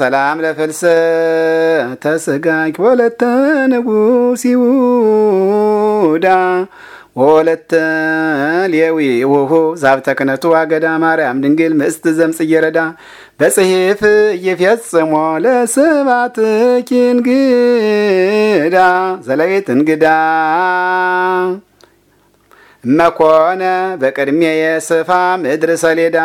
ሰላም ለፈልሰተ ስጋኪ ወለተ ንጉሥ ይሁዳ ወለተ ሌዊ ውሁ ዛብተ ክነቱ አገዳ ማርያም ድንግል ምስት ዘምጽ እየረዳ በጽሔፍ እየፈጽሞ ለስባት ኪንግዳ ዘለቤት እንግዳ መኮነ በቅድሜ የስፋ ምድር ሰሌዳ